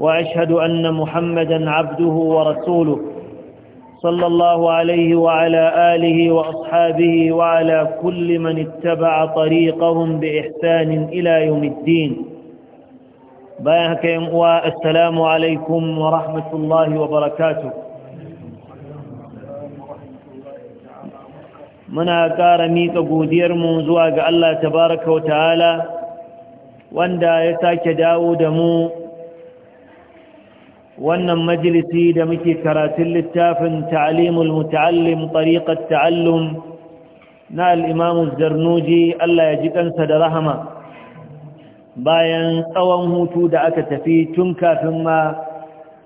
وأشهد أن محمدا عبده ورسوله صلى الله عليه وعلى آله وأصحابه وعلى كل من اتبع طريقهم بإحسان إلى يوم الدين بيانك يمقوى السلام عليكم ورحمة الله وبركاته muna ƙara miƙa godiyarmu zuwa ga Allah tabaraka wa ta'ala wanda ya sake wannan majalisi da muke karatun littafin ta'alimul muta'allim tariqat ta'allum na al-imam zarnuji Allah ya ji kansa da rahama bayan tsawon hutu da aka tafi tun kafin ma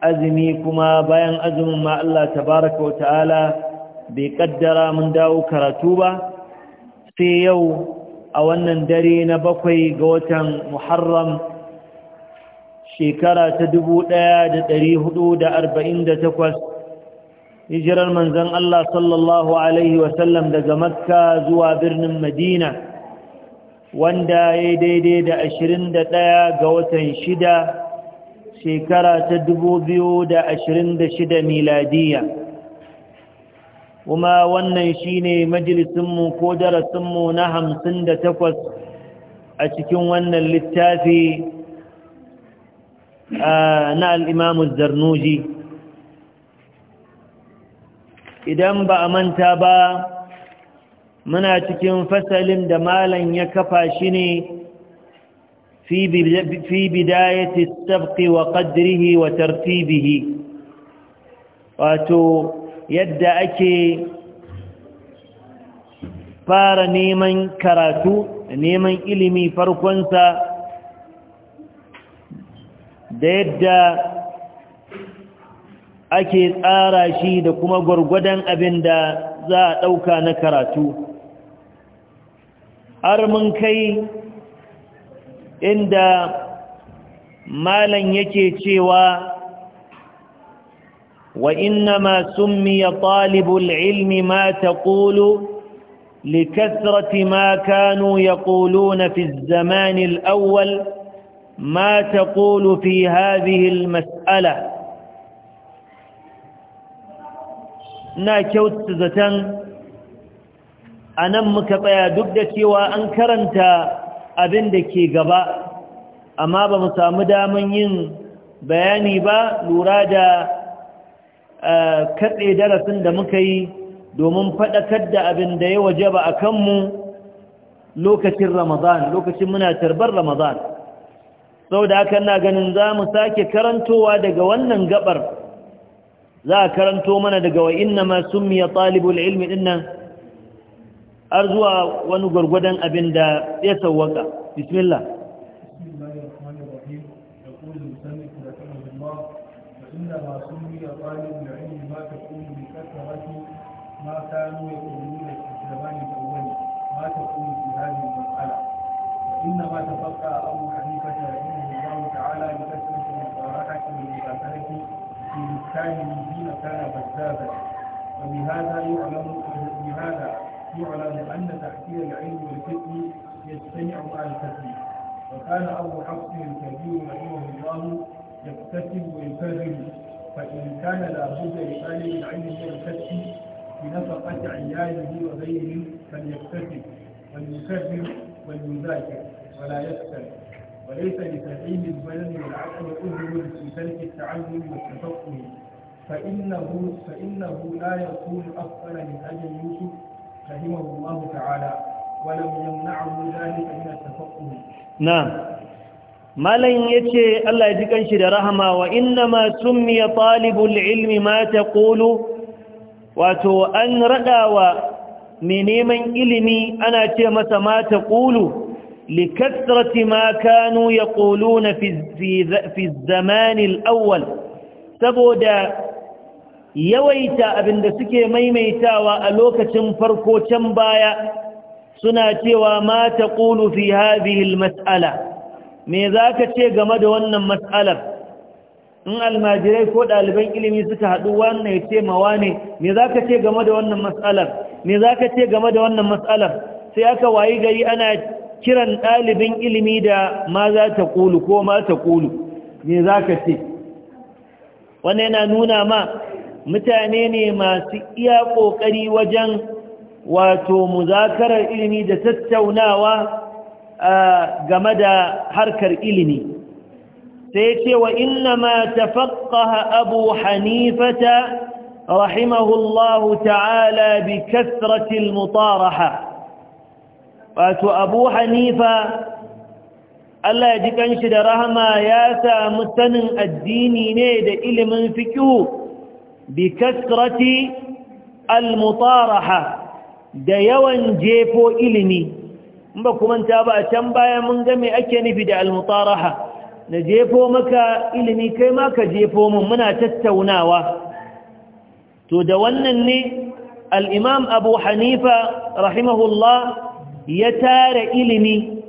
azumi kuma bayan azumin ma Allah tabaraka wa ta'ala bai kaddara mun dawo karatu ba sai yau a wannan dare na bakwai ga watan Muharram shekara ta dubu ɗaya da ɗari hudu da arba'in da takwas hijirar manzon Allah sallallahu Alaihi wasallam daga makka zuwa birnin madina wanda ya daidai da ashirin da ɗaya ga watan shida shekara ta dubu biyu da ashirin da shida miladiya kuma wannan shine majalisunmu ko darasinmu na hamsin da takwas a cikin wannan littafi na al’imamu zarnuji idan ba a manta ba muna cikin fasalin da malan ya kafa shi ne fi bidaya tattabki wa ƙadrihi wa tartibihi wato yadda ake fara neman karatu neman ilimi farkonsa da yadda ake tsara shi da kuma gwargwadon abin da za a ɗauka na karatu har mun kai inda Malam yake cewa wa inna ma summiya talibul ilmi ma ta ƙulu likasrati ma kanu ya ƙulu na fi zamanin awwal Mata تقول في هذه ina kyauta zaton a nan muka tsaya duk da cewa an karanta abin da ke gaba amma bamu samu daman yin bayani ba lura da katse darasin da muka yi domin faɗakar da abin da ya waje ba a kanmu lokacin ramadan lokacin muna tarbar ramadan saboda haka na ganin za mu sake karantowa daga wannan gabar za a karanto mana daga wa inna ma summiya talibul ilmi dinnan har zuwa wani gwargwadon abin da ya sawwaka bismillah كانوا تفقى أبو كاهنه كان بزازا وبهذا يعلم بهذا يعلم أن تأثير العلم والفتن يجتمع مع الفتن وكان أبو حفص الكبير رحمه الله يكتسب ويكرم فإن كان لابد لطالب العلم والفتن بنفقة عياله وغيره فليكتسب وليكرم وليذاكر ولا يكتب وليس لتعليم البلد والعقل أذن في ترك التعلم والتفقه فإنه, فإنه لا يكون أفضل من أجل يوسف فهمه الله تعالى ولم يمنعه ذلك من التفقه نعم ما لن يتشي الله انشر رحمة وإنما سمي طالب العلم ما تقول واتو أن رأوا من من علمي أنا تيمة ما تقول لكثرة ما كانوا يقولون في, في, في الزمان الأول تبو yawaita abin da suke maimaitawa a lokacin farko can baya suna cewa ma ta fi hazihil mas'ala me za ka ce game da wannan mas'alar in almajirai ko ɗaliban ilimi suka haɗu wannan ya ce mawa ne me za ka ce game da wannan mas'alar me za ka ce game da wannan mas'alar sai aka wayi gari ana kiran ɗalibin ilimi da ma za ta ƙulu ko ma ta ƙulu me za ka ce wannan yana nuna ma mutane ne masu iya ƙoƙari wajen wato muzakarar ilimi da tattaunawa game da harkar ilimi sai ce wa inna ma tafaqqaha abu hanifata rahimahullahu ta'ala bi kasratil mutaraha wato abu hanifa Allah ya ji kanshi da rahama ya samu sanin addini ne da ilimin fikihu. بكثرة المطارحة da yawan jefo ilimi in ba kuma ta ba a can baya mun ga me ake nufi da almutaraha na jefo maka ilimi kai ma ka jefo mun muna tattaunawa to da wannan ne al'imam abu hanifa rahimahullah ya tara ilimi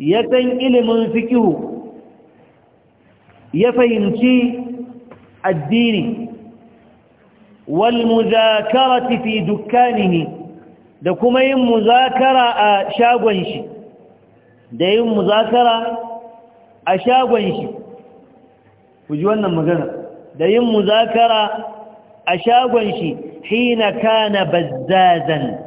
ya san ilimin fikihu ya fahimci addini والمذاكرة في دكانه da kuma yin muzakara a shagon shi da yin muzakara a shagon shi ku ji wannan magana da yin muzakara a shagon shi hina kana bazzazan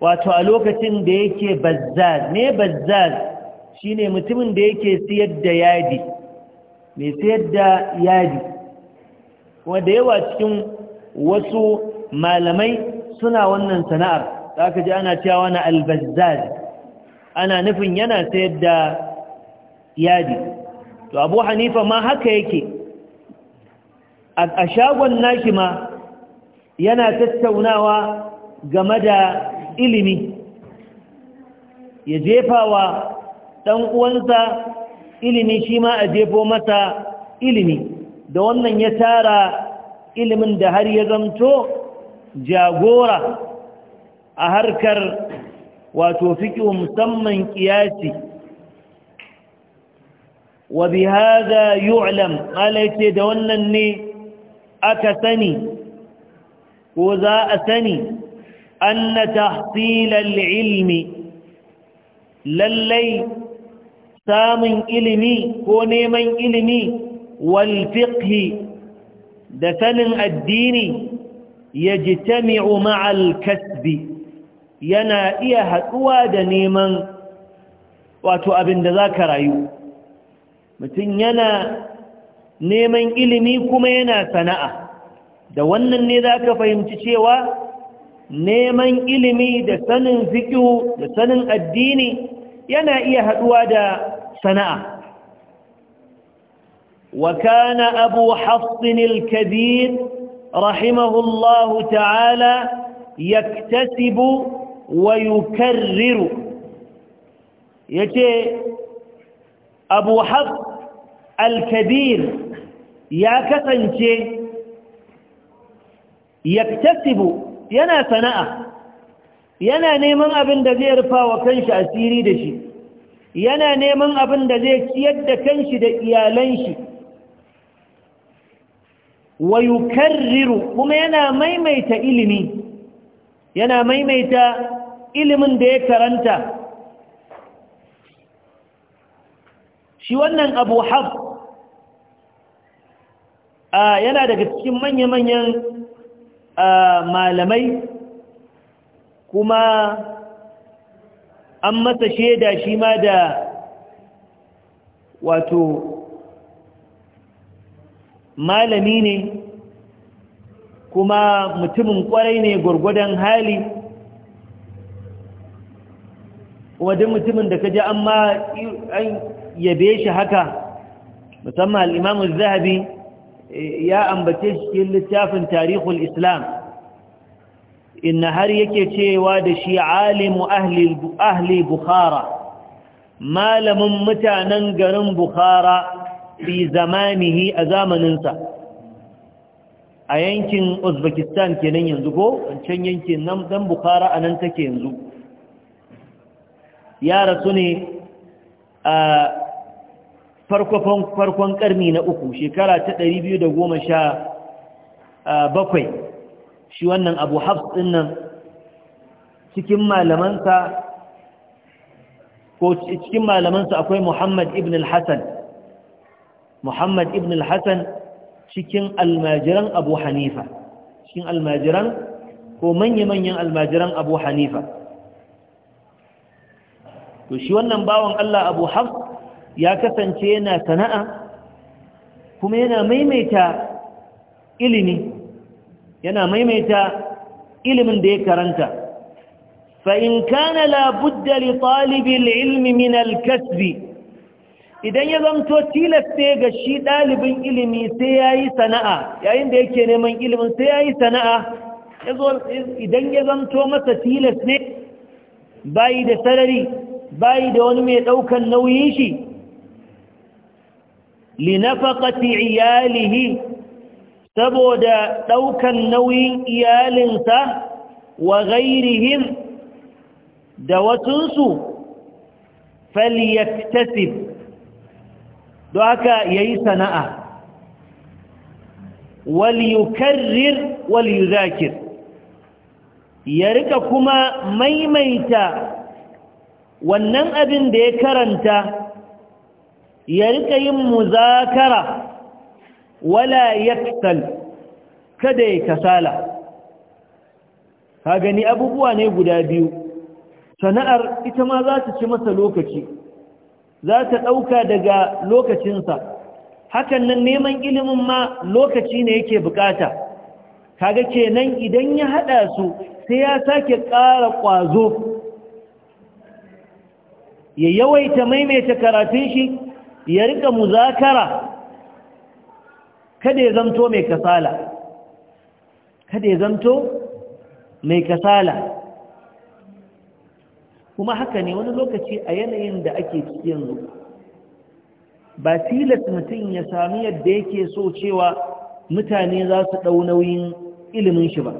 wato a lokacin da yake bazzaz ne bazzaz shine mutumin da yake siyar da yadi mai siyar da yadi kuma da yawa cikin wasu malamai suna wannan sana'ar za ka ji ana cewa wani albazzar ana nufin yana sayar da yadi to abu hanifa ma haka yake a shagon nashi ma yana tattaunawa game da ilimi ya jefa wa ɗan uwansa ilimi shi ma a jefo masa ilimi da wannan ya tara ilimin da har ya zamto jagora a harkar wato fikihu musamman kiyasi wa bi hada yu'lam ce da wannan ne aka sani ko za a sani anna tahsilal ilmi lallai samun ilimi ko neman ilimi والفقه دسن الدين يجتمع مع الكسب yana iya haɗuwa da neman wato abin da za ka rayu mutum yana neman ilimi kuma yana sana'a da wannan ne za ka fahimci cewa neman ilimi da sanin fiƙo da sanin addini yana iya haɗuwa da sana'a وكان أبو حفص الكبير رحمه الله تعالى يكتسب ويكرر يتي أبو حفص الكبير يا كثنتي يكتسب ينا سناء ينا نيمن ابن ده زي رفا وكنش أسيري دشي ينا نيمن ابن ده زي سيد كنش ده wa yukarriru kuma yana maimaita ilimi yana maimaita ilimin da ya karanta shi wannan abu hab yana daga cikin manya-manyan malamai kuma an masa shaida shi ma da wato malami ne kuma mutumin kwarai ne gwargwadon hali wajen mutumin da ka ji an an yabe shi haka musamman al'imamun zahabi ya ambace shi cikin littafin tarihul islam inna har yake cewa da shi alimu ahli bukhara malamin mutanen garin bukhara fi zamanihi a zamaninsa a yankin uzbekistan kenan yanzu ko can yankin nan dan bukara a nan take yanzu ya rasu ne a farkon karni na uku shekara ta 217 shi wannan abu hafs din nan cikin malamansa ko cikin malamansa akwai muhammad ibn al-hassan muhammad ibn al-hassan cikin almajiran abu hanifa cikin almajiran ko manya-manyan almajiran abu hanifa to shi wannan bawan allah abu hafs ya kasance yana sana'a kuma yana maimaita ilimi yana maimaita ilimin da ya karanta فإن كان لا بد لطالب min al-kasbi. idan ya zamto tilaste ga shi ɗalibin ilimi sai ya yi sana'a yayin da yake neman ilimin sai ya yi sana'a idan ya zanto masa tilas ne bayi da sarari bayi da wani mai ɗaukan nauyin shi linafakati iyalihi saboda ɗaukan nauyin iyalinsa wa gairihim da wasunsu falyaktasib don haka ya yi sana'a waliyukarrir waliyuzakir ya rika kuma maimaita wannan abin da ya karanta ya rika yin muzakara wala yaktal kada ya kasala ka gani abubuwa ne guda biyu sana'ar ita ma za ci masa lokaci za ta ɗauka daga lokacinsa hakan nan neman ilimin ma lokaci ne yake bukata kaga kenan idan ya haɗa su sai ya sake ƙara ƙwazo ya yawaita maimaita karatun shi ya riƙa muzakara kada ya zamto mai kasala kada ya zamto mai kasala kuma haka ne wani lokaci a yanayin da ake ciki yanzu ba tilas mutum ya sami yadda yake so cewa mutane za su ɗau nauyin ilimin shi ba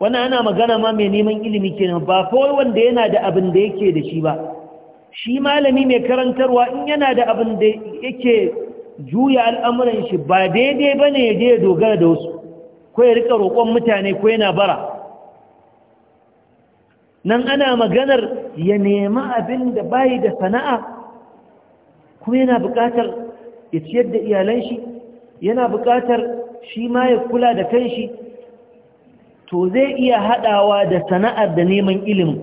Wani ana magana ma mai neman ilimi kenan ba kawai wanda yana da abin da yake da shi ba shi malami mai karantarwa in yana da abin da yake juya al'amuran shi ba daidai ba ne ya ya dogara da wasu ko ya rika roƙon mutane ko yana bara nan ana maganar ya nema abin da bayi da sana'a kuma yana buƙatar ya ciyar da iyalan shi yana buƙatar shi ma ya kula da kanshi to zai iya haɗawa da sana'ar da neman ilimin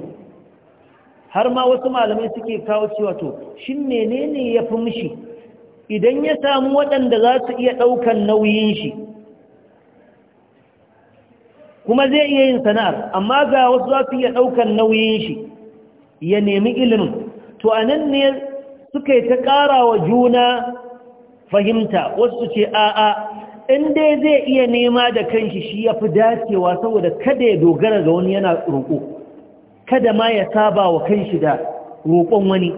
har ma wasu malamai suke kawo cewa to shin menene ya fi mishi idan ya samu waɗanda za su iya ɗaukan nauyin shi kuma zai iya yin sana'ar amma ga wasu za su iya ɗaukar nauyin shi ya nemi ilimin to a nan ne suka yi ta ƙara wa juna fahimta wasu ce a'a in dai zai iya nema da kanshi shi ya fi dacewa saboda kada ya dogara ga wani yana roƙo kada ma ya saba wa kanshi da roƙon wani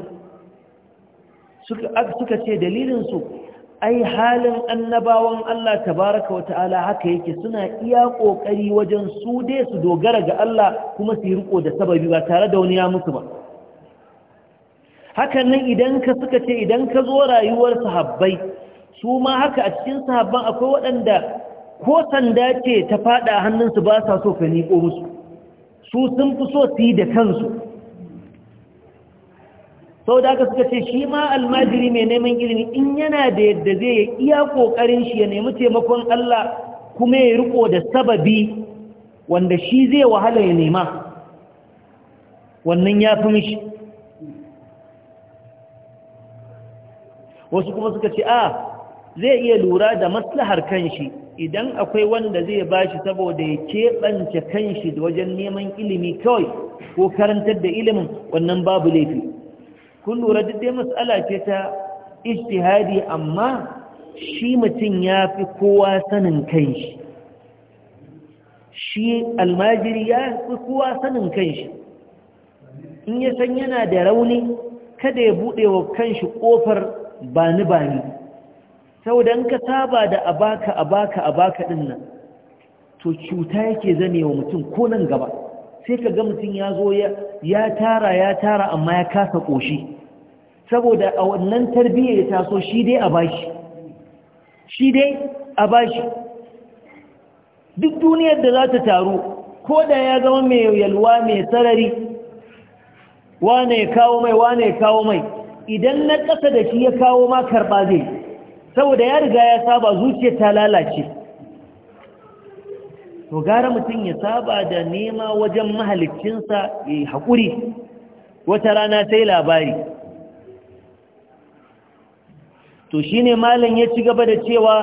suka ce dalilinsu ai halin annabawan Allah tabaraka wa ta'ala haka yake suna iya kokari wajen su dai su dogara ga Allah kuma su yi riko da sababi ba tare da wani ya musu ba hakan nan idan ka suka ce idan ka zo rayuwar sahabbai su ma haka a cikin sahabban akwai waɗanda ko sanda ce ta faɗa hannunsu ba sa so ka niƙo musu su sun fi so su yi da kansu sau da aka suka ce shi ma almajiri mai neman ilimi in yana da yadda zai iya ƙoƙarin shi ya nemi taimakon Allah kuma ya riko da sababi wanda shi zai wahala ya nema wannan ya fi mishi wasu kuma suka ce a zai iya lura da maslahar kanshi idan akwai wanda zai bashi saboda ya keɓance kanshi wajen neman ilimi kawai ko karantar da ilimin wannan babu laifi kun lura duk dai matsala ce ta ijtihadi amma shi mutum ya fi kowa sanin kai shi shi almajiri ya fi kowa sanin kai shi in ya san yana da rauni kada ya buɗe wa kanshi ƙofar bani bani saboda in ka saba da abaka abaka abaka ɗin nan to cuta yake zane wa mutum ko nan gaba sai ka ga mutum ya zo ya tara ya tara amma ya kasa ƙoshi saboda a wannan tarbiyyar ya taso shi dai a bashi shi dai a bashi duk duniyar da za ta taru ko da ya zama mai yalwa mai sarari wane ya kawo mai wane ya kawo mai idan na ƙasa da shi ya kawo ma karɓa zai saboda ya riga ya saba zuciya ta lalace to gara mutum ya saba da nema wajen mahalicinsa ya yi haƙuri wata rana sai labari to shine malam ya ci gaba da cewa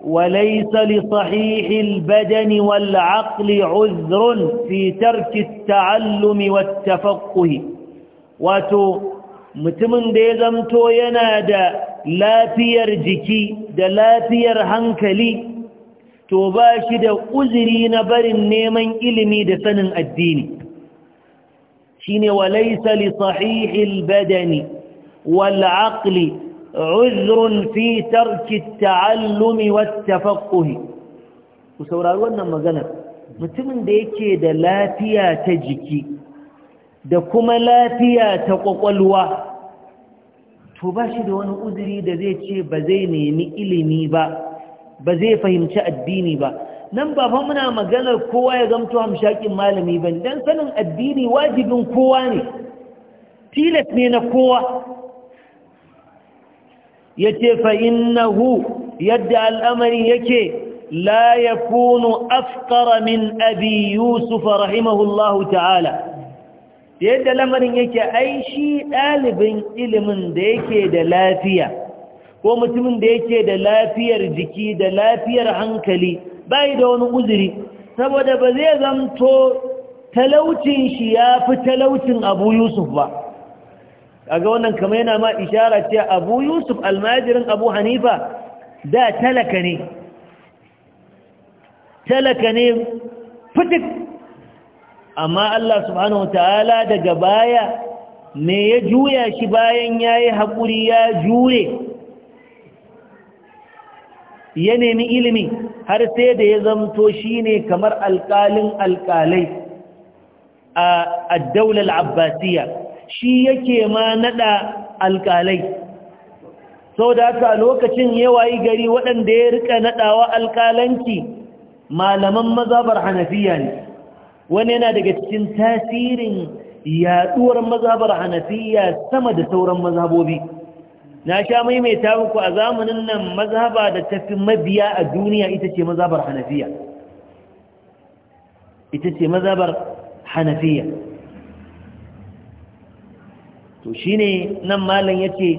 وليس لصحيح البدن والعقل عذر في ترك التعلم والتفقه واتو متمن ده زمتو yana da lafiyar jiki da lafiyar hankali to ba shi da uzuri na barin neman ilimi da sanin addini shine walaisa li sahihil badani wal aqli عذر في ترك التعلم والتفقه وسورار wannan magana mutumin da yake da lafiya ta jiki da kuma lafiya ta kwakwalwa to ba shi da wani uzuri da zai ce ba zai nemi ilimi ba ba zai fahimci addini ba nan ba fa muna maganar kowa ya zamto hamshakin malami ban dan sanin addini wajibin kowa ne tilas ne na kowa ya ce fa'innahu yadda al'amari yake la ya kunu afkara min abi yusuf rahimahullahu ta'ala yadda lamarin yake ai shi ɗalibin ilimin da yake da lafiya ko mutumin da yake da lafiyar jiki da lafiyar hankali bai da wani uzuri saboda ba zai zamto talaucin shi ya fi talaucin abu yusuf ba ga wannan kamar yana ma ishara ce abu yusuf almajirin abu hanifa da talaka ne talaka ne fitik amma Allah subhanahu ta'ala daga baya me ya juya shi bayan yayi haƙuri ya jure ya nemi ilimi har sai da ya zamto shine kamar alƙalin alƙalai a Addaular daular abbasiyya shi yake ma nada alkalai sau da haka lokacin yawayi gari waɗanda ya rika nadawa alkalanki malaman mazabar hanafiya ne wani yana daga cikin tasirin yaduwar mazabar hanafiya sama da sauran mazhabobi na sha maimaita muku a zamanin nan mazhaba da tafi mabiya a duniya ita ce mazabar hanafiya ita ce mazabar hanafiya to shi ne nan malam ya ce,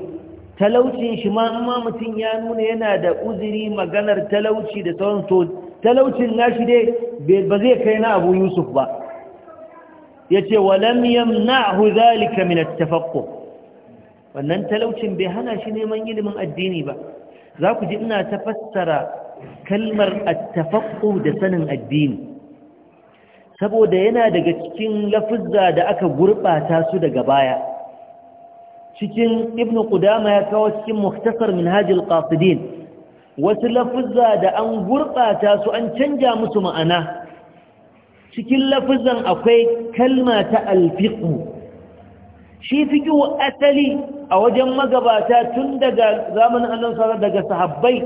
talaucin shi ma amma mutum ya nuna yana da uzuri maganar talauci da sauran to talaucin nashi dai ba zai kai na Abu Yusuf ba Ya yace walam yamna'hu zalika min at wannan talaucin bai hana shi neman ilimin addini ba za ku ji ina ta fassara kalmar at da sanin addini saboda yana daga cikin lafuzza da aka gurbata su daga baya cikin ibn qudama ya kawo cikin muhtasar minhajul qasidin wasu lafuzza da an gurbata su an canja musu ma'ana cikin lafuzzan akwai kalma ta alfiqu shi fiqhu asali a wajen magabata tun daga zamanin annabi sallallahu daga sahabbai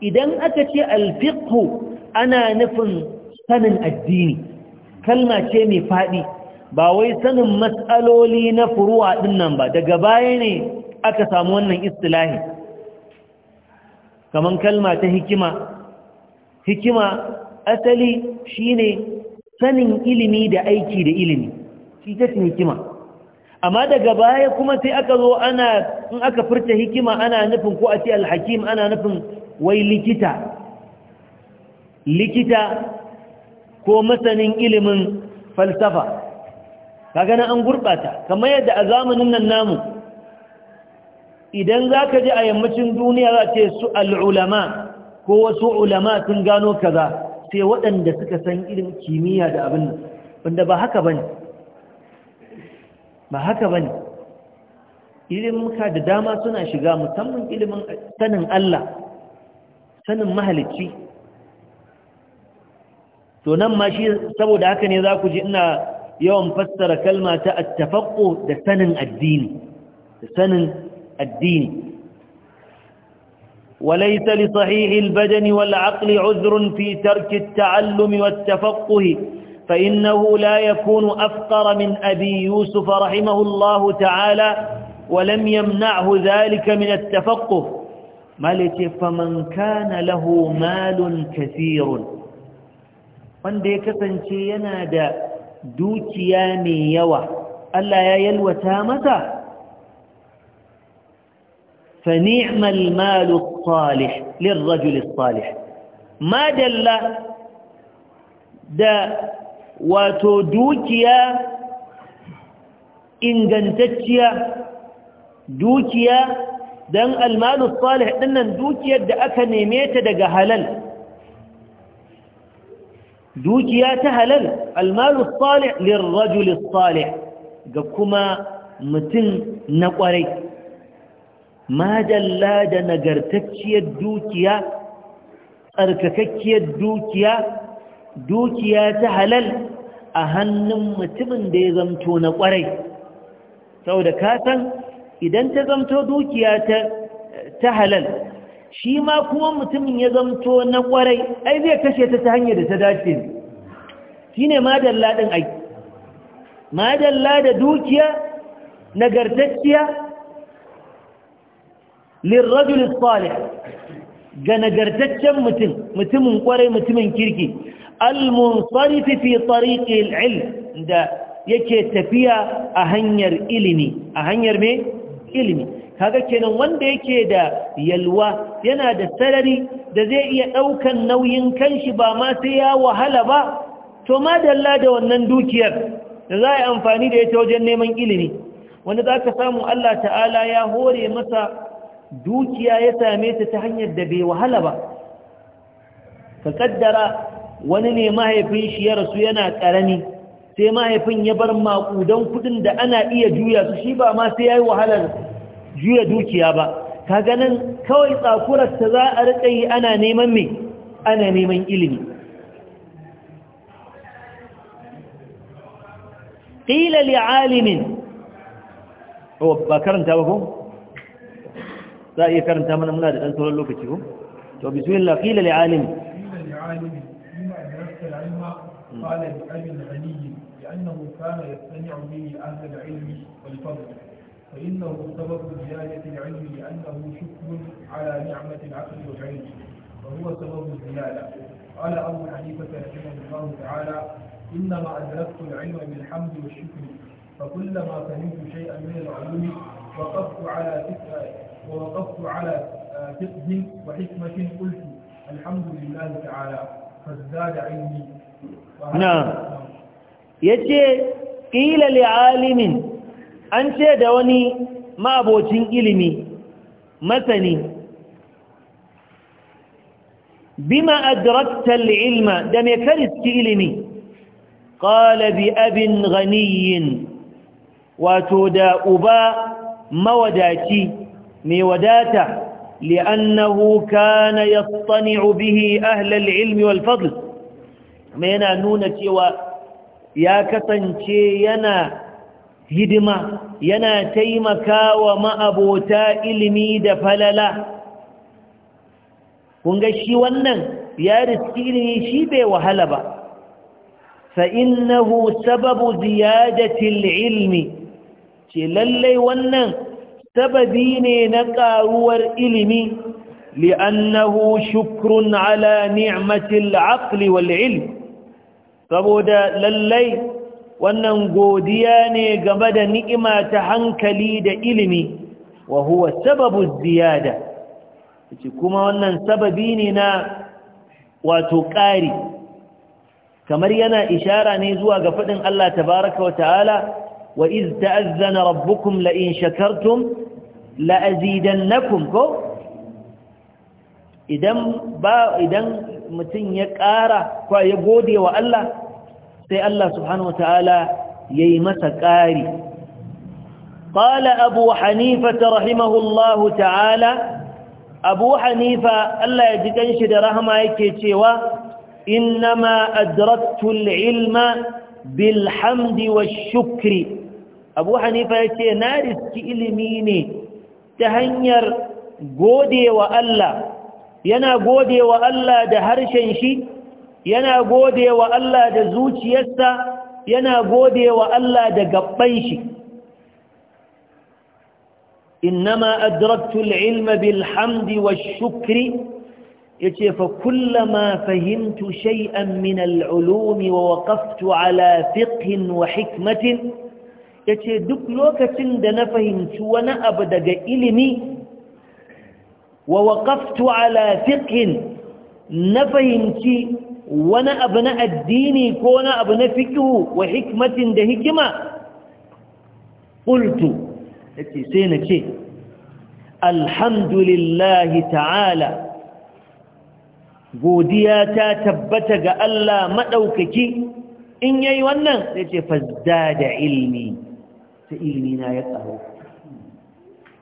idan aka ce alfiqu ana nufin sanin addini kalma ce mai fadi ba wai sanin matsaloli na furuwa dinnan ba daga baya ne aka samu wannan istilahi Kamar kalma ta hikima hikima asali shine sanin ilimi da aiki da ilimi shi ta hikima amma daga baya kuma sai aka zo ana in aka furta hikima ana nufin ko a ce alhakim ana nufin wai likita likita ko masanin ilimin falsafa Ka an gurɓata kamar yadda a zamanin nan namu idan za ka ji a yammacin duniya za ce su al'ulama ko wasu ulama sun gano kaza sai waɗanda suka san irin kimiyya da abin nan wanda ba haka ne, ba haka bane ilimuka da dama suna shiga musamman ilimin sanin Allah sanin mahalicci to nan ma shi saboda haka ne za ku ji ina يوم فسر كلمة التفقه ده سنن الدين addini da وليس لصحيح البدن والعقل عذر في ترك التعلم والتفقه فإنه لا يكون أفقر من أبي يوسف رحمه الله تعالى ولم يمنعه ذلك من التفقه مالك فمن كان له مال كثير وان دي كسنشي ينادى dukiya mai yawa Allah ya yalwata mata fa ni'mal malu salih lirrajul salih ma dalla da wato dukiya ingantacciya dukiya dan almalu salih dinnan dukiyar da aka neme ta daga halal dukiya ta halal almalu salih lirrajul ga kuma mutum na kwarai madalla da nagartacciyar dukiya tsarkakakkiyar dukiya dukiya ta halal a hannun mutumin da ya zamto na kwarai sau da kasan idan ta zamto dukiya ta halal shi ma kuma mutumin ya zamto na kwarai ai zai kashe ta ta hanyar da ta dace shi ne madalla ɗin ai madalla da dukiya nagartacciya lirrajul salih ga nagartaccen mutum mutumin kwarai mutumin kirki al-munsarifi fi tariqil ilm da yake tafiya a hanyar ilimi a hanyar me ilimi kaga kenan wanda yake da yalwa yana da sarari da zai iya ɗaukan nauyin kanshi ba ma sai ya wahala ba to ma dalla da wannan dukiyar da za a yi amfani da ita wajen neman ilimi wanda za ka samu Allah ta'ala ya hore masa dukiya ya same ta ta hanyar da bai wahala ba ka kaddara wani ne mahaifin shi ya rasu yana ƙarami sai mahaifin ya bar maƙudan kuɗin da ana iya juya su shi ba ma sai ya yi wahalar juya dukiya ba ka ganin kawai tsakurar ta za a riƙa yi ana neman mai ana neman ilimi ƙila li alimin o oh, ba karanta ba ko za a iya karanta mana muna da ɗan sauran lokaci ko to bismillah ƙila li alimin قال لأبي الغني لأنه كان يستمع به أهل العلم والفضل فإنه سبب زيادة العلم لأنه شكر على نعمة العقل والعلم وهو سبب الزيادة قال أبو حنيفة رحمه الله تعالى إنما أدركت العلم بالحمد والشكر فكلما فهمت شيئا من العلوم وقفت على فكرة ووقفت على آه، فقه وحكمة قلت الحمد لله تعالى فازداد علمي نعم يجي قيل لعالم an ce da wani ma'abocin ilimi masani bima adrakta ilma da me kariski ilimi Ƙalabi abin ganiyin. wato da uba mawadaci mai wadata li'annahu kana yastani'u bihi ahla al-ilmi wal fadl yana nuna cewa ya kasance yana hidima yana taimakawa ma'abota ilimi da falala kunga shi wannan ya riski ilimi shi bai wahala ba fa'innahu sababu ziyadatil ilmi ce lallai wannan sababi ne na karuwar ilimi li'annahu shukrun ala ni'matil aqli wal saboda lallai wannan godiya ne game da ni'ima ta hankali da ilimi wa huwa sababu ziyada ce kuma wannan sababi ne na wato ƙari kamar yana ishara ne zuwa ga faɗin Allah tabaraka wa ta'ala wa iz ta'azzana rabbukum la in shakartum la azidannakum ko idan ba idan mutum ya ƙara ko ya gode wa Allah sai Allah subhanahu wataala yayi masa ƙari qala abu hanifa rahimahullahu ta'ala abu hanifa Allah ya ji shi da rahama yake cewa innama ma al-ilma bilhamdi wa shukri abu hanifa ya ce na riski ilimi ne ta hanyar godewa Allah yana godewa Allah da harshen shi yana gode wa Allah da zuciyarsa yana gode wa Allah da gaban shi innama adraktu al-ilma bil hamdi wash shukri yace fa kullama fahimtu shay'an min al wa waqaftu ala fiqh wa hikmatin yace duk lokacin da na fahimci wani abu daga ilimi wa waqaftu ala fiqh na fahimci wani abu na addini ko wani abu na fikihu wa hikmatin da hikima ƙultu yake sai na ce alhamdulillahi ta'ala godiya ta tabbata ga Allah maɗaukaki in yayi wannan sai ce fazda da ilmi ta ilmi na ya tsaro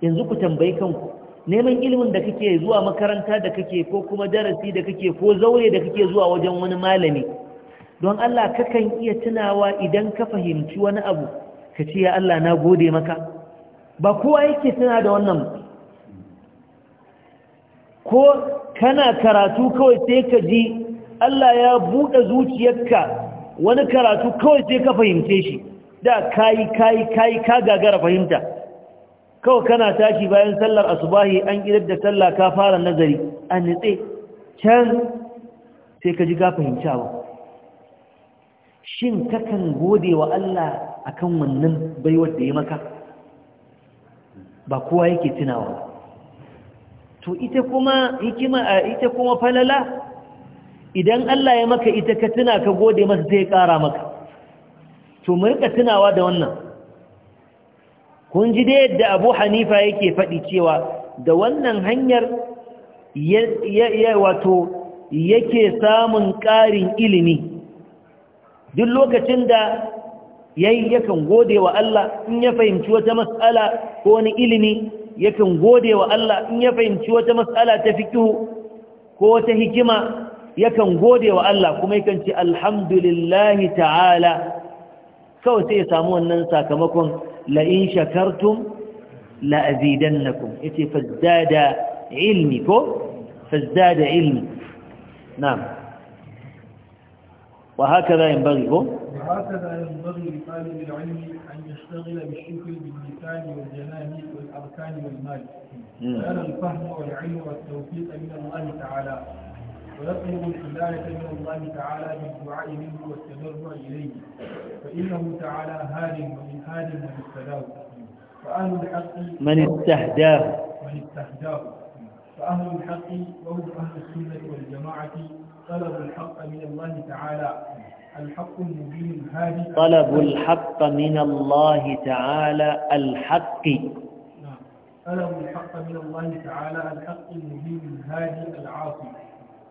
yanzu ku tambayi kanku neman ilimin da kake zuwa makaranta da kake ko kuma darasi da kake ko zaure da kake zuwa wajen wani malami don Allah kakan iya tunawa idan ka fahimci wani abu ka ce ya Allah na gode maka ba kowa yake tuna da wannan ko kana karatu kawai sai ka ji Allah ya buɗe zuciyarka wani karatu kawai sai ka fahimce shi da kayi kayi kayi ka gagara fahimta kawai kana tashi bayan sallar asubahi an idar da sallah ka fara nazari a nitse can sai ka ji fahimci abu shin kakan gode wa Allah a kan wannan baiwar da ya maka ba kowa yake tunawa to ita kuma hikima a ita kuma falala idan Allah ya maka ita ka tuna ka gode masa zai ya kara maka to mu rika tunawa da wannan kun ji da yadda abu hanifa yake faɗi cewa da wannan hanyar wato yake samun ƙarin ilimi duk lokacin da yakan gode wa Allah in ya fahimci wata matsala ko wani ilimi yakan gode wa Allah in ya fahimci wata matsala ta fikihu ko wata hikima yakan gode wa Allah kuma yakan ce alhamdulillahi ta'ala kawai sai ya samu wannan sakamakon لئن شكرتم لأزيدنكم إتي فازداد علمي فازداد علمي نعم وهكذا ينبغي هو وهكذا ينبغي لطالب العلم أن يشتغل بالشكر باللسان والجنان والأركان والمال ويرى الفهم والعلم والتوفيق من الله تعالى ويطلب الحماية من الله تعالى بالدعاء منه والتضرع إليه فإنه تعالى هاد ومن هاد من استداه فأهل الحق من استهداه من استهداه فأهل الحق وهم أهل السنة والجماعة طلبوا الحق من الله تعالى الحق المبين الهادي طلبوا الحق من الله تعالى الحق نعم. طلبوا الحق من الله تعالى الحق المبين الهادي العاصي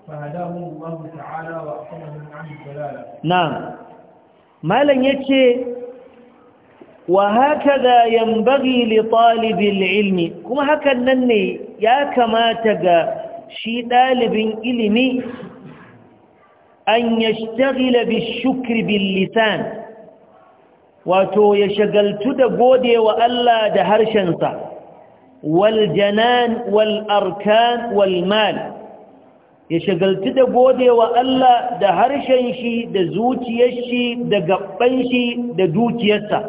فهداهم الله تعالى وأقامهم عن الضلالة نعم مالا يتشي وهكذا ينبغي لطالب العلم كما هكذا نني يا كما تقى شي طالب علمي أن يشتغل بالشكر باللسان wato ya shagaltu da gode wa Allah da harshensa wal janan wal arkan wal mal ya shagaltu da godewa Allah da harshen shi da zuciyar shi da gaban shi da dukiyarsa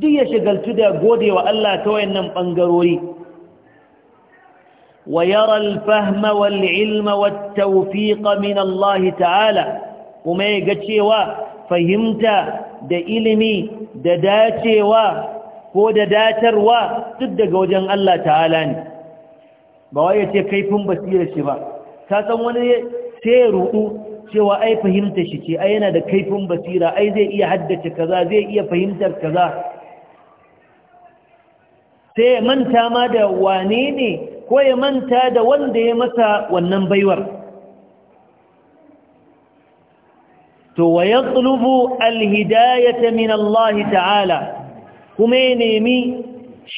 duk ya shagaltu da godewa Allah ta wayannan bangarori wa yara ilmawar fahm wal wat tawfiq min Allah ta'ala kuma ya cewa fahimta da ilimi da dacewa ko da datarwa duk daga wajen Allah ta'ala ne ba wai ya ce kaifin basira shi ba ka san wani sai ya rudu cewa ai fahimta shi ce ai yana da kaifin basira ai zai iya haddace kaza zai iya fahimtar kaza sai ya manta ma da wane ne ko ya manta da wanda ya masa wannan baiwar to wa yatlubu alhidayata min Allah ta'ala kuma ya nemi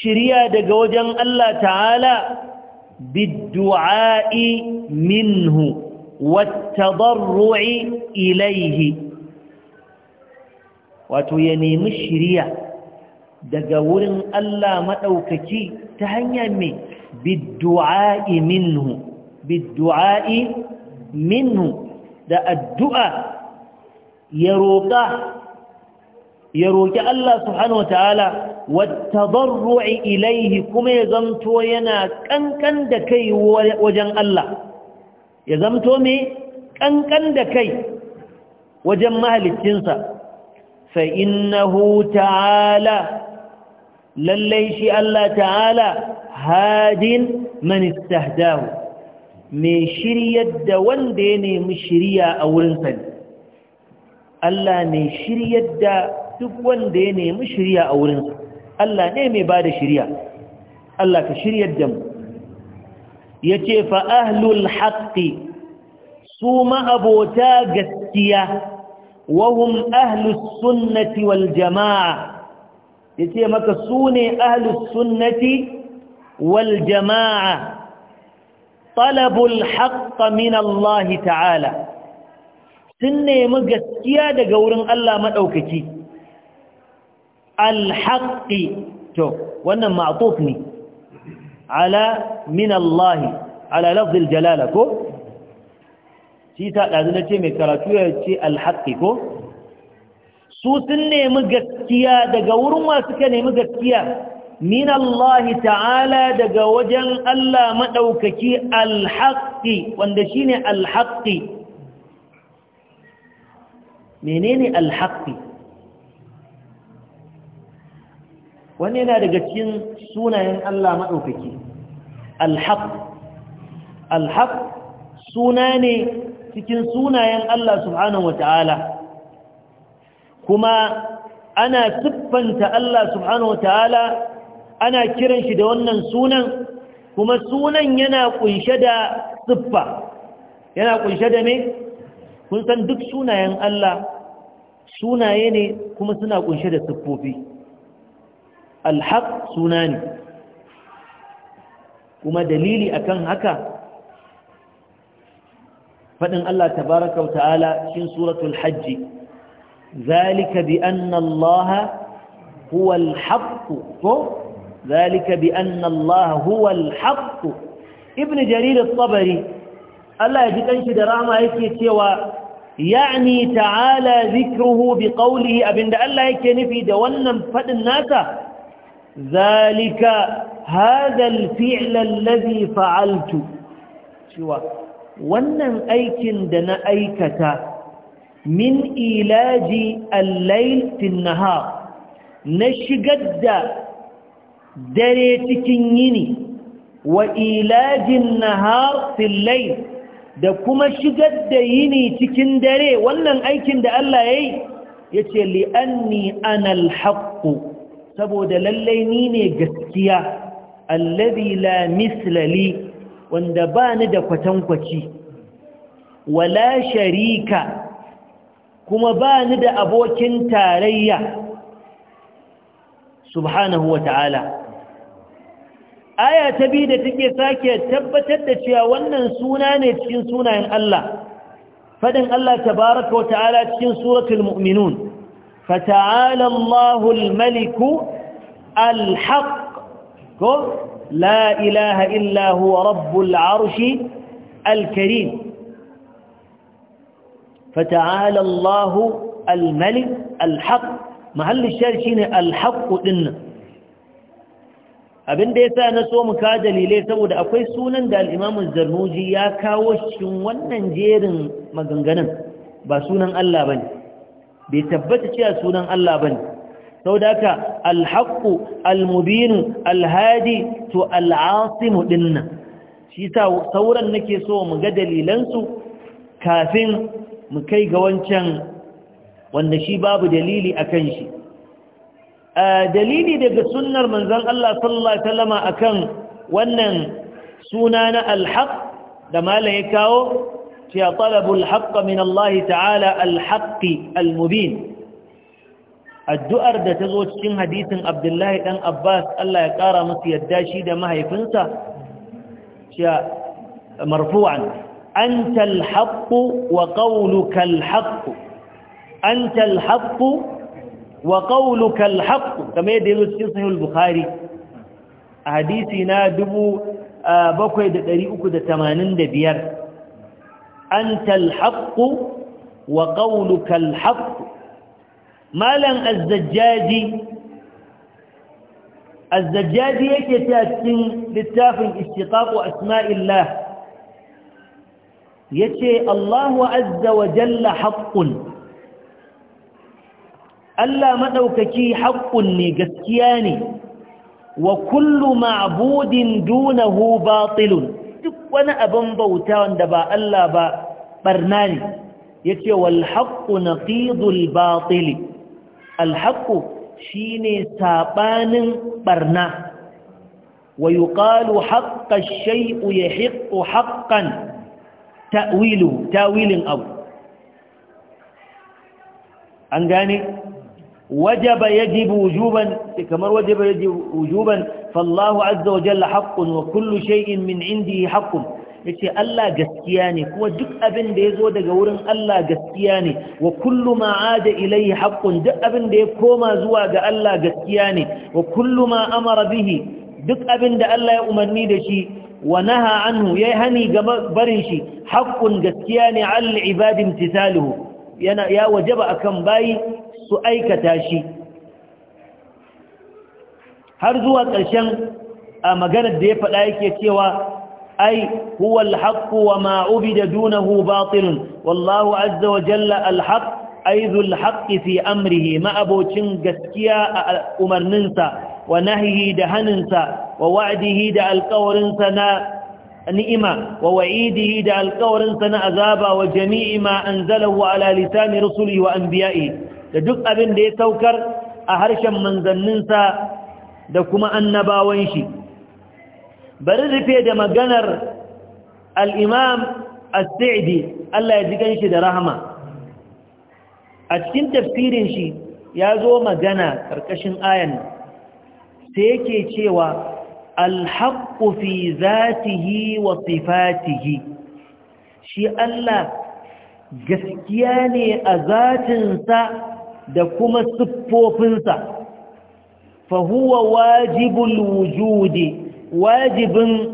shiriya daga wajen Allah ta'ala biddu cai minu watta wato ya nemi wa shirya daga wurin allah ma ta hanyar mi biddu cai minu biddu da addu'a ya ruqa. ya roki Allah subhanahu wataala wattadarru'i ilayhi kuma ya zamto yana kankan da kai wajen Allah ya zamto me kankan da kai wajen mahaliccinsa fa innahu ta'ala lallai shi Allah ta'ala hadin man istahdahu mai shiryar da wanda ya nemi shiriya a wurin sa? Allah mai shiryar da duk wanda ya nemi shirya a wurinsa Allah ne mai ba da shirya Allah ka shirya da mu ya ce fa'ahlul haƙi su ma'abota gaskiya wahum ahlus sunnati wal jama'a ya ce maka su ne ahlus sunnati wal jama'a talabul haƙa min Allah ta'ala sun nemi gaskiya daga wurin Allah maɗaukaki alhaƙi to wannan ma'atuf ne ala min Allah ala lafzil jalala ko shi ta ɗazu na ce mai karatu ya ce alhaƙi ko su sun nemi gaskiya daga wurin wa suka nemi gaskiya min Allah ta'ala daga wajen Allah maɗaukaki alhaƙi wanda shi ne alhaƙi menene alhaƙi wani yana daga cikin sunayen Allah maɗaukaki al alhaq suna ne cikin sunayen Allah subhanahu wata'ala kuma ana siffanta Allah subhanahu wata'ala ana kiran shi da wannan sunan kuma sunan yana kunshe da siffa yana kunshe da me kun san duk sunayen Allah sunaye ne kuma suna kunshe da siffofi alhaq suna ne kuma dalili akan haka faɗin Allah tabaraka wa ta'ala cikin suratul hajji zalika bi anna Allah huwa alhaq to zalika bi anna Allah huwa alhaq ibn jarir at-tabari Allah ya ji kanshi da rama yake cewa ya'ni ta'ala zikruhu bi qawlihi abinda Allah yake nufi da wannan faɗin nasa ذلك هذا الفعل الذي فعلت شوى wannan aikin da na aikata min ilaji al-layl fi nahar na shigar da dare cikin yini wa ilajin nahar fi layl da kuma shigar da yini cikin dare wannan aikin da Allah yayi yace li anni ana al-haqq saboda lallai ni ne gaskiya allazi la mislali wanda ba ni da kwatankwaci wala sharika kuma ba ni da abokin tarayya subhanahu wa ta'ala aya ta biyu da take sake tabbatar da cewa wannan suna ne cikin sunayen Allah fadin Allah tabaraka wata'ala ta'ala cikin suratul mu'minun فتعالى الله الملك الحق لا إله إلا هو رب العرش الكريم فتعالى الله الملك الحق ما هل الشارشين الحق إن أبن ديسا نسو مكاد ليلي سود أكوي سونان دا الإمام الزرموجي يا كاوش ونن جيرن مغنغنم با سونان ألا بني bai tabbata cewa sunan Allah bane ne. Sau al-haqqu al-mubin to Al'asimu dinna shi ta sauran nake so mu ga dalilan su kafin mu kai ga wancan wanda shi babu dalili akan shi dalili daga sunnar manzon Allah sallallahu alaihi wasallam akan wannan suna na al da malai ya kawo cewa talabul haqqa min Allah ta'ala al-haqqi al-mubin addu'ar da ta zo cikin hadisin Abdullahi dan Abbas Allah ya kara musu yadda shi da mahaifinsa cewa marfu'an anta al-haqq wa qawluka al-haqq anta al-haqq wa qawluka al-haqq kamar yadda yake cikin sahih al-bukhari hadisi na 7385 anta alhaq wa qawluka alhaq malan azzajjaji azzajjaji yake ta cikin littafin istiqaq asma'illah yace Allahu azza wa jalla haqqun Allah madaukaki haqqun ne gaskiya ne wa kullu ma'budin dunahu batilun wani abin bauta wanda ba Allah ba barna ne ce wal na naqidul batili. al haqqu shine saɓanin barna wa yuqalu haqqash shai'u ya haqqan haƙan tawilin abu an gane وجب يجب وجوبا كما وجب يجب وجوبا فالله عز وجل حق وكل شيء من عنده حق yace Allah gaskiya ne kuma duk abin da yazo daga wurin Allah gaskiya ne wa kullu ma aada ilayhi haqqun duk abin da ya koma zuwa ga Allah gaskiya ne wa kullu ma amara bihi duk abin da Allah ya umarni da shi wa naha anhu yayi hani ga barin shi haqqun gaskiya ne al ibad imtisaluhu yana ya wajaba akan bayi su aikata shi har zuwa ƙarshen a maganar da ya faɗa yake cewa ai huwa alhaqqu wa ma ubida dunahu batilun wallahu azza wa jalla alhaq aizu alhaqqi fi amrihi ma abocin gaskiya a umarninsa wa nahihi da haninsa wa wa'dihi da alƙawarinsa na ni'ima wa wa'idihi da alƙawarinsa na azaba wa jami'i ma anzalahu ala lisani rusuli wa anbiya'ihi da duk abin da ya saukar a harshen manzanninsa da kuma annabawan shi bari rufe da maganar al'imam al-sa'idi Allah ya jigan shi da rahama a cikin tafsirin shi ya zo magana ƙarƙashin ayan sai yake cewa alhaƙu fi zatihi wa sifatihi shi Allah gaskiya ne a zatinsa da kuma siffofinsa fahuwa huwa wujudi wajibin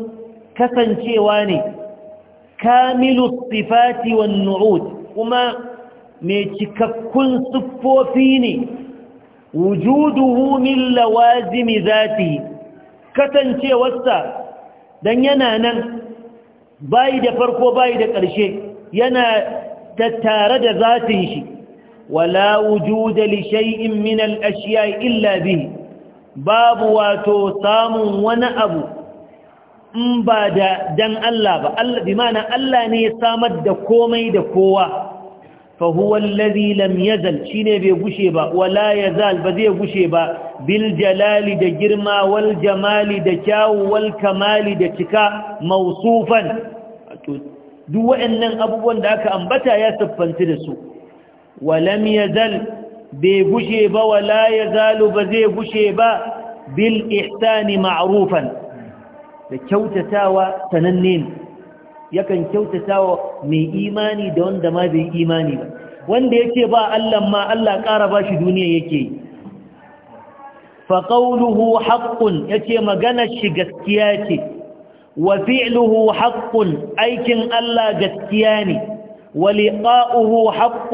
kasancewa ne kamilu sifati wan nu'ud kuma mai cikakkun siffofi ne wujuduhu min lawazimi yi. kasancewarsa dan yana nan bai da farko bai da ƙarshe yana tattare da zafin shi ولا وجود لشيء من الأشياء إلا به باب واتو سام ونأب مبادا دن الله بمعنى الله نيسامد دكومي دكوة فهو الذي لم يزل شيني بيقشيبا ولا يزال بذي قشيبا بالجلال دجرما والجمال دكاو والكمال دكا موصوفا دو أنن أبوان داك أنبتا يا سبنت رسول walam ya bai gushe ba wala ya ba zai bushe ba bil ihsani ma'rufan da kyautatawa sananne yakan kyautatawa mai imani da wanda ma bai imani ba wanda yake ba Allah ma Allah ƙara ba shi duniya yake yi yace حق shi gaskiya ce غسكياتي وفعله aikin allah gaskiya غسكياني waliƙa'uhu حق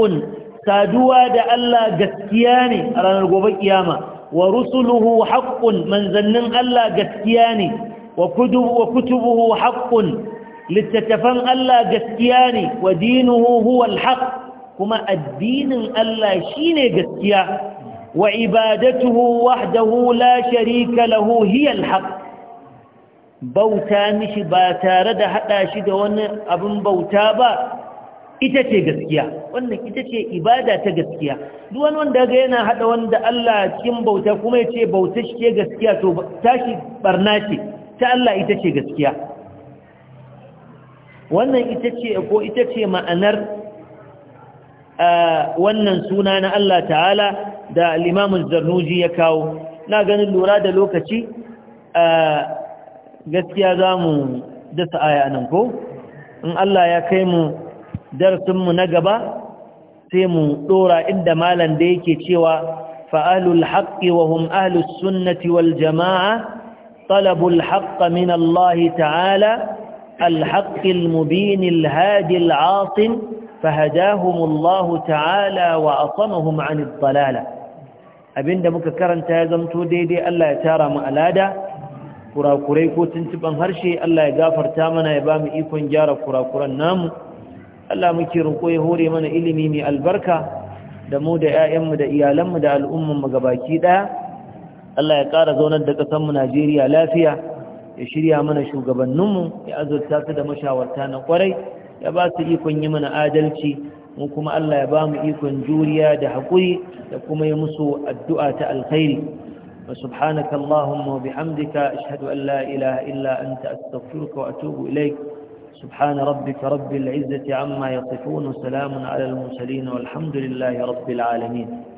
saduwa da Allah gaskiya ne a ranar gobe kiyama wa rusuluhu haqqun manzannin Allah gaskiya ne wa kutubuhu haqqun littattafan Allah gaskiya ne wa dinuhu huwa alhaq kuma addinin Allah shine gaskiya wa ibadatuhu wahdahu la sharika lahu hiya alhaq bauta mishi ba tare da hada shi da wani abin bauta ba ita ce gaskiya wannan ita ce ibada ta gaskiya duk wani wanda ga yana hada wanda Allah cikin bauta kuma ya ce bauta shi ke gaskiya to tashi barna ce ta Allah ita ce gaskiya wannan ita ce ko ita ce ma'anar wannan suna na Allah ta'ala da limamin zarnuji ya kawo na ganin lura da lokaci gaskiya za mu dasa aya nan ko in Allah ya kai mu darsinmu na gaba sai mu dora inda malam da yake cewa fa'alul haqqi wa hum ahlus sunnati wal jama'a talabul haqqa min Allah ta'ala الحق المبين الهادي العاصم ta'ala wa تعالى وأصمهم عن dalala abinda muka karanta ya zamto daidai Allah ya tara mu alada kurakurai ko tuntuban harshe Allah ya gafarta mana ya ba mu ikon gyara kurakuran namu Allah muke roƙo ya hore mana ilimi mai albarka da mu da 'ya'yanmu da iyalanmu da ga gabaki ɗaya Allah ya ƙara zaunar da ƙasarmu Najeriya lafiya ya shirya mana shugabanninmu ya azurta su da mashawarta na ƙwarai ya ba su ikon yi mana adalci mu kuma Allah ya ba mu ikon juriya da haƙuri da kuma yi musu addu'a ta alkhairi وسبحانك اللهم وبحمدك أشهد أن لا illa إلا أنت أستغفرك وأتوب إليك سبحان ربك رب العزة عما يصفون سلام على المرسلين والحمد لله رب العالمين